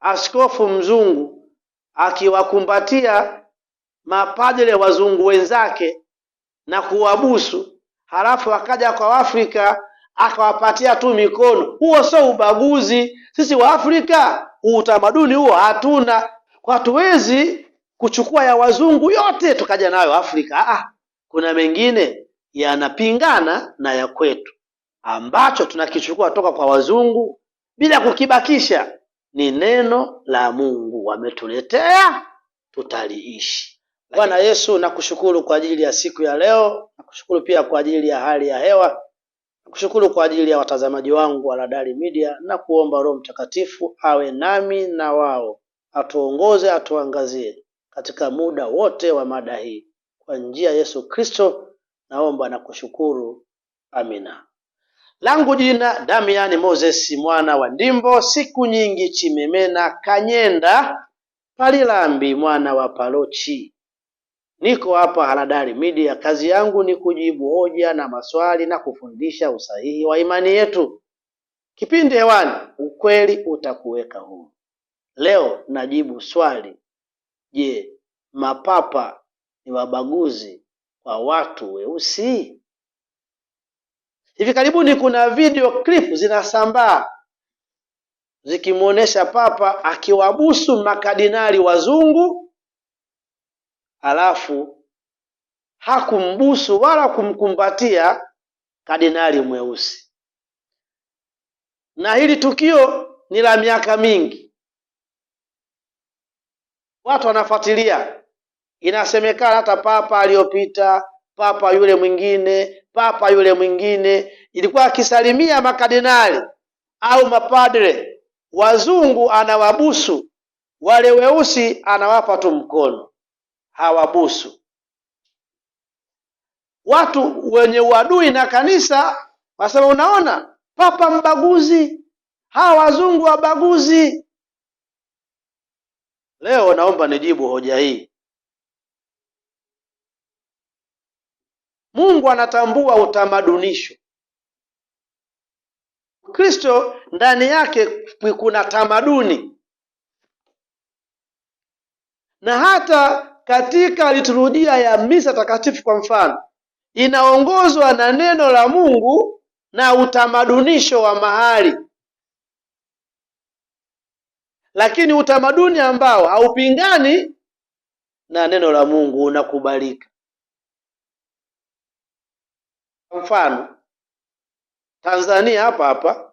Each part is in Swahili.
Askofu mzungu akiwakumbatia mapadre wazungu wenzake na kuwabusu, halafu akaja kwa Afrika akawapatia tu mikono. Huo sio ubaguzi? Sisi Waafrika utamaduni huo hatuna, kwa tuwezi kuchukua ya wazungu yote tukaja nayo Afrika. Ah, ah, kuna mengine yanapingana na ya kwetu, ambacho tunakichukua toka kwa wazungu bila kukibakisha, ni neno la Mungu wametuletea, tutaliishi. Bwana Yesu, nakushukuru kwa ajili ya siku ya leo, nakushukuru pia kwa ajili ya hali ya hewa, nakushukuru kwa ajili ya watazamaji wangu wa Radali Media, na kuomba Roho Mtakatifu awe nami na wao, atuongoze, atuangazie katika muda wote wa mada hii. Kwa njia Yesu Kristo naomba na kushukuru, amina. Langu jina Damian Moses mwana wa Ndimbo, siku nyingi chimemena kanyenda palilambi mwana wa Palochi. Niko hapa Haradali Media. Kazi yangu ni kujibu hoja na maswali na kufundisha usahihi wa imani yetu. Kipindi hewani, ukweli utakuweka huru. Leo najibu swali: Je, mapapa ni wabaguzi kwa watu weusi? Hivi karibuni kuna video clip zinasambaa zikimwonyesha papa akiwabusu makadinali wazungu, alafu hakumbusu wala kumkumbatia kadinali mweusi. Na hili tukio ni la miaka mingi, watu wanafuatilia Inasemekana hata papa aliyopita, papa yule mwingine, papa yule mwingine, ilikuwa akisalimia makadinali au mapadre wazungu anawabusu, wale weusi anawapa tu mkono, hawabusu. Watu wenye uadui na kanisa wasema, unaona papa mbaguzi, hawa wazungu wabaguzi. Leo naomba nijibu hoja hii. Mungu anatambua utamadunisho. Kristo ndani yake kuna tamaduni, na hata katika liturujia ya misa takatifu kwa mfano, inaongozwa na neno la Mungu na utamadunisho wa mahali, lakini utamaduni ambao haupingani na neno la Mungu unakubalika. Mfano, Tanzania hapa hapa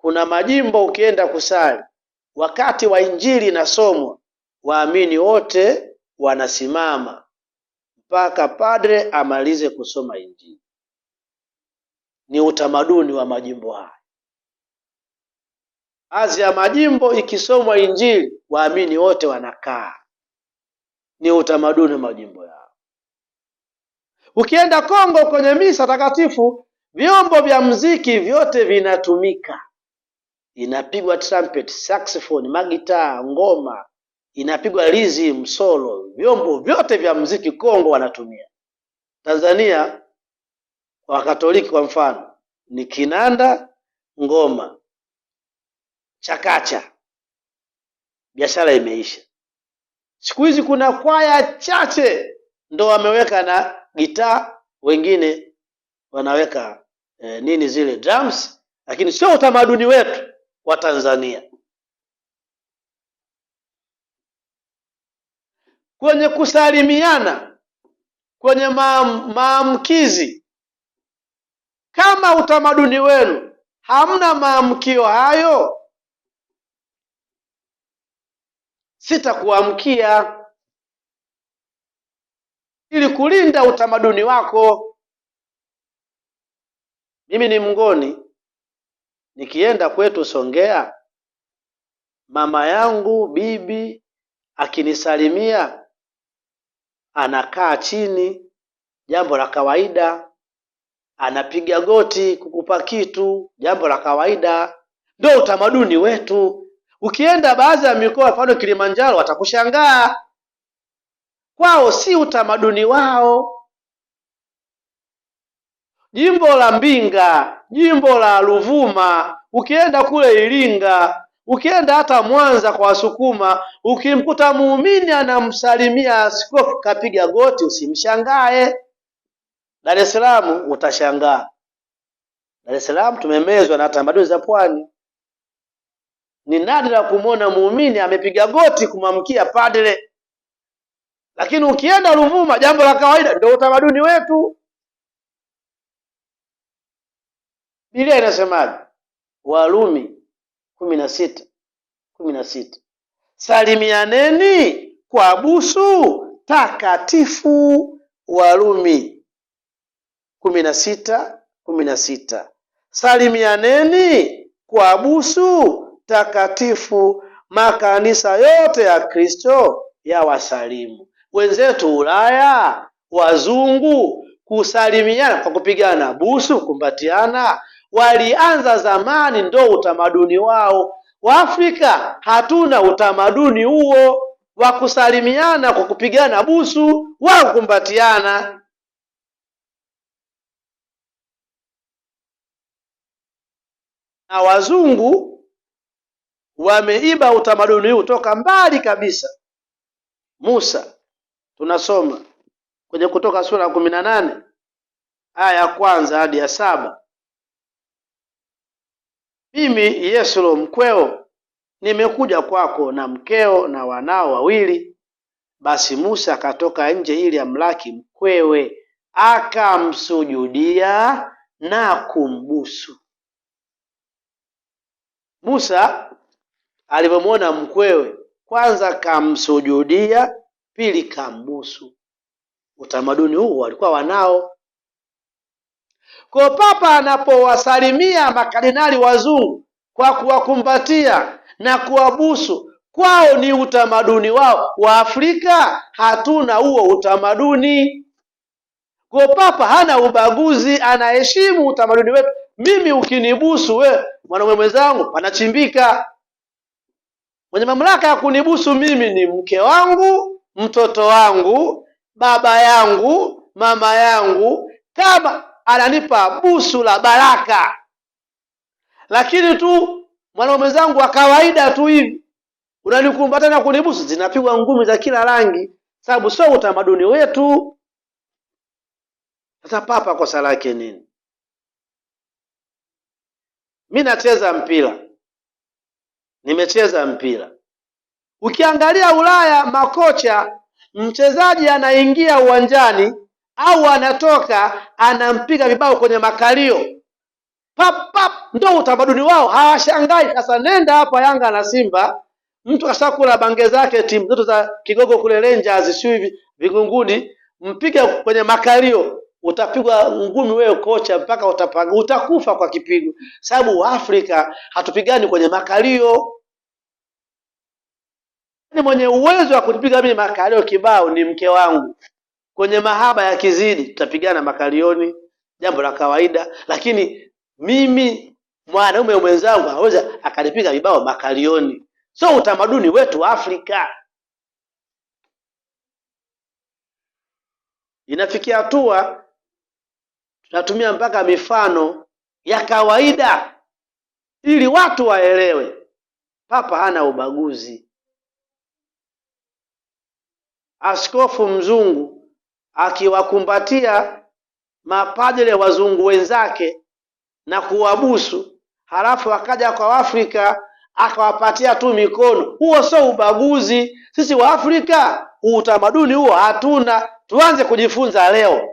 kuna majimbo ukienda kusali wakati wa injili inasomwa, waamini wote wanasimama mpaka padre amalize kusoma injili. Ni utamaduni wa majimbo haya. Baadhi ya majimbo ikisomwa injili, waamini wote wanakaa. Ni utamaduni wa majimbo haya. Ukienda Kongo kwenye misa takatifu, vyombo vya mziki vyote vinatumika, inapigwa trumpet, saxophone, magitaa, ngoma, inapigwa lizi, msolo, vyombo vyote vya mziki Kongo wanatumia. Tanzania kwa katoliki kwa mfano ni kinanda, ngoma, chakacha. Biashara imeisha. Siku hizi kuna kwaya chache ndo wameweka na gitaa, wengine wanaweka e, nini zile drums, lakini sio utamaduni wetu wa Tanzania. Kwenye kusalimiana, kwenye maamkizi, kama utamaduni wenu hamna maamkio hayo, sitakuamkia kulinda utamaduni wako. Mimi ni Mngoni, nikienda kwetu Songea, mama yangu bibi akinisalimia anakaa chini, jambo la kawaida. Anapiga goti kukupa kitu, jambo la kawaida. Ndio utamaduni wetu. Ukienda baadhi ya mikoa, mfano Kilimanjaro, watakushangaa wao, si utamaduni wao. Jimbo la Mbinga, jimbo la Ruvuma, ukienda kule Iringa, ukienda hata Mwanza kwa Wasukuma, ukimkuta muumini anamsalimia askofu kapiga goti, usimshangae. Dar es Salaam utashangaa. Dar es Salaam tumemezwa na tamaduni za pwani. Ni nadra kumwona muumini amepiga goti kumwamkia padre. Lakini ukienda Ruvuma, jambo la kawaida, ndio utamaduni wetu. Biblia inasemaje? Warumi kumi na sita kumi na sita salimianeni kwa busu takatifu. Warumi kumi na sita kumi na sita salimianeni kwa busu takatifu. Makanisa yote ya Kristo yawasalimu wenzetu Ulaya, wazungu kusalimiana kwa kupigana busu, kumbatiana, walianza zamani, ndo utamaduni wao. Waafrika hatuna utamaduni huo wa kusalimiana kwa kupigana busu wa kukumbatiana. Na wazungu wameiba utamaduni huu toka mbali kabisa. Musa tunasoma kwenye Kutoka sura ya kumi na nane aya ya kwanza hadi ya saba mimi Yesu mkweo nimekuja kwako na mkeo na wanao wawili. Basi Musa akatoka nje ili amlaki mkwewe, akamsujudia na kumbusu. Musa alivyomwona mkwewe, kwanza kamsujudia pili kambusu. Utamaduni huu walikuwa wanao. Kwa papa anapowasalimia makardinali wazungu kwa kuwakumbatia na kuwabusu, kwao ni utamaduni wao. Wa Afrika hatuna huo utamaduni. Kwa papa hana ubaguzi, anaheshimu utamaduni wetu. Mimi ukinibusu we mwanaume mwenzangu, panachimbika. Mwenye mamlaka ya kunibusu mimi ni mke wangu mtoto wangu, baba yangu, mama yangu, kama ananipa busu la baraka, lakini tu mwanaume zangu wa kawaida tu hivi unanikumbata na kunibusu, zinapigwa ngumi za kila rangi, sababu sio utamaduni wetu. Sasa papa kosa lake nini? Mi nacheza mpira, nimecheza mpira Ukiangalia Ulaya, makocha mchezaji anaingia uwanjani au anatoka anampiga vibao kwenye makalio pap pap, ndio utamaduni wao, hawashangai. Sasa nenda hapa Yanga na Simba, mtu kashakula bange zake, timu zote za kigogo kule Rangers, hivi Vigunguni, mpige kwenye makalio, utapigwa ngumi wewe kocha, mpaka utapanga utakufa kwa kipigo, sababu Afrika hatupigani kwenye makalio. Yaani mwenye uwezo wa kulipiga mimi makalio kibao ni mke wangu. Kwenye mahaba ya kizidi tutapigana makalioni, jambo la kawaida, lakini mimi mwanaume mwenzangu aweza akalipiga vibao makalioni. So utamaduni wetu wa Afrika inafikia hatua tunatumia mpaka mifano ya kawaida ili watu waelewe. Papa hana ubaguzi askofu mzungu akiwakumbatia mapadre wazungu wenzake na kuwabusu, halafu akaja kwa Afrika akawapatia tu mikono. Huo sio ubaguzi. Sisi Waafrika utamaduni huo hatuna, tuanze kujifunza leo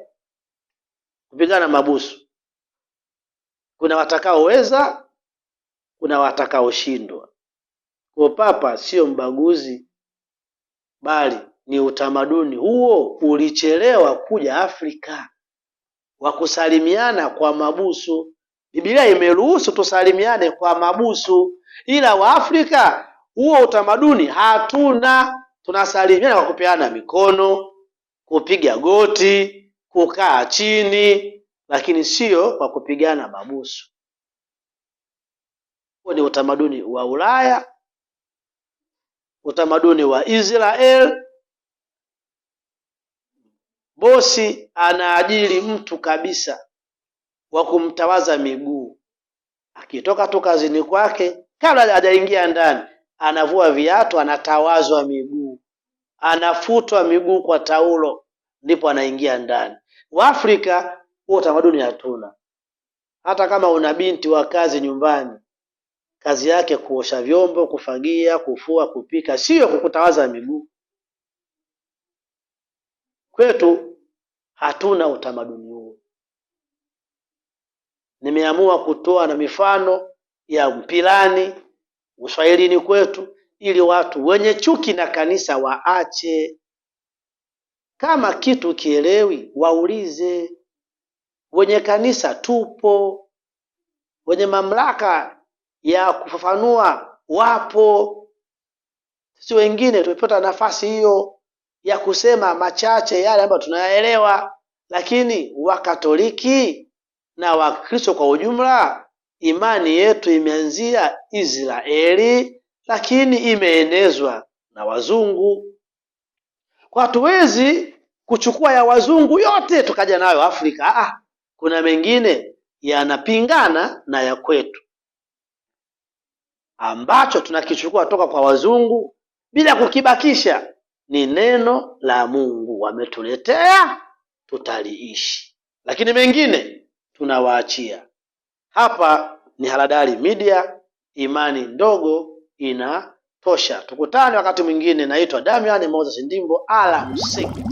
kupigana mabusu. Kuna watakaoweza, kuna watakaoshindwa. Kwa Papa sio mbaguzi, bali ni utamaduni huo ulichelewa kuja Afrika, wa kusalimiana kwa mabusu. Biblia imeruhusu tusalimiane kwa mabusu, ila Waafrika huo utamaduni hatuna. Tunasalimiana kwa kupeana mikono, kupiga goti, kukaa chini, lakini sio kwa kupigana mabusu. Huo ni utamaduni wa Ulaya, utamaduni wa Israel Bosi anaajiri mtu kabisa wa kumtawaza miguu, akitoka tu kazini kwake, kabla hajaingia ndani, anavua viatu, anatawazwa miguu, anafutwa miguu kwa taulo, ndipo anaingia ndani. Waafrika huo utamaduni hatuna. Hata kama una binti wa kazi nyumbani, kazi yake kuosha vyombo, kufagia, kufua, kupika, siyo kukutawaza miguu. Kwetu hatuna utamaduni huo. Nimeamua kutoa na mifano ya mpilani uswahilini kwetu, ili watu wenye chuki na kanisa waache. Kama kitu kielewi, waulize wenye kanisa. Tupo wenye mamlaka ya kufafanua, wapo. Sisi wengine tumepata nafasi hiyo ya kusema machache yale ambayo tunayaelewa, lakini Wakatoliki na Wakristo kwa ujumla, imani yetu imeanzia Israeli, lakini imeenezwa na wazungu. Kwa hatuwezi kuchukua ya wazungu yote tukaja nayo Afrika. Ah, kuna mengine yanapingana na ya kwetu ambacho tunakichukua toka kwa wazungu bila kukibakisha ni neno la Mungu, wametuletea tutaliishi, lakini mengine tunawaachia. Hapa ni Haradali Media, imani ndogo inatosha. Tukutane wakati mwingine. Naitwa Damian Moses Ndimbo, alamsiki.